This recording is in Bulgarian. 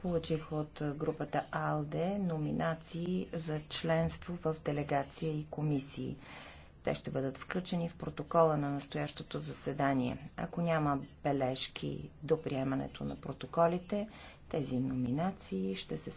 Получих от групата АЛДЕ номинации за членство в делегация и комисии. Те ще бъдат включени в протокола на настоящото заседание. Ако няма бележки до приемането на протоколите, тези номинации ще се сме